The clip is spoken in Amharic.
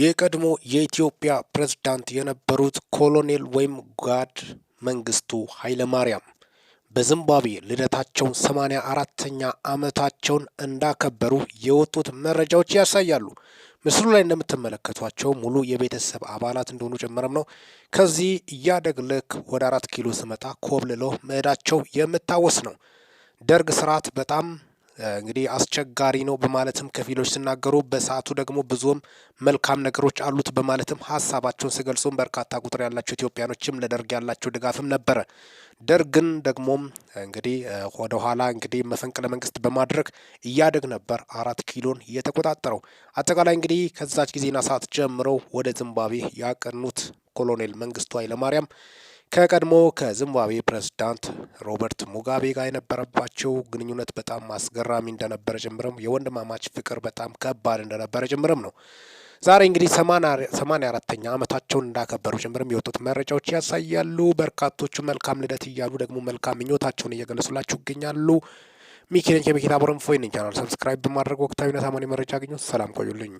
የቀድሞ የኢትዮጵያ ፕሬዝዳንት የነበሩት ኮሎኔል ወይም ጋድ መንግስቱ ኃይለማርያም በዚምባብዌ ልደታቸውን ሰማንያ አራተኛ ዓመታቸውን እንዳከበሩ የወጡት መረጃዎች ያሳያሉ። ምስሉ ላይ እንደምትመለከቷቸው ሙሉ የቤተሰብ አባላት እንደሆኑ ጭምርም ነው። ከዚህ እያደግ ልክ ወደ አራት ኪሎ ስመጣ ኮብልሎ መሄዳቸው የምታወስ ነው። ደርግ ስርዓት በጣም እንግዲህ አስቸጋሪ ነው በማለትም ከፊሎች ሲናገሩ፣ በሰዓቱ ደግሞ ብዙም መልካም ነገሮች አሉት በማለትም ሀሳባቸውን ሲገልጹም በርካታ ቁጥር ያላቸው ኢትዮጵያኖችም ለደርግ ያላቸው ድጋፍም ነበረ። ደርግን ደግሞም እንግዲህ ወደኋላ እንግዲህ መፈንቅለ መንግስት በማድረግ እያደግ ነበር አራት ኪሎን የተቆጣጠረው። አጠቃላይ እንግዲህ ከዛች ጊዜና ሰዓት ጀምረው ወደ ዝምባብዌ ያቀኑት ኮሎኔል መንግስቱ ኃይለማርያም ከቀድሞ ከዚምባብዌ ፕሬዝዳንት ሮበርት ሙጋቤ ጋር የነበረባቸው ግንኙነት በጣም አስገራሚ እንደነበረ ጭምርም የወንድማማች ፍቅር በጣም ከባድ እንደነበረ ጭምርም ነው። ዛሬ እንግዲህ ሰማንያ አራተኛ ዓመታቸውን እንዳከበሩ ጭምርም የወጡት መረጃዎች ያሳያሉ። በርካቶቹ መልካም ልደት እያሉ ደግሞ መልካም ምኞታቸውን እየገለጹላችሁ ይገኛሉ። ሚኪነኝ ከሚኪታ ቦረንፎይ ቻናል ሰብስክራይብ በማድረግ ወቅታዊና ታማኝ መረጃ አግኙ። ሰላም ቆዩልኝ።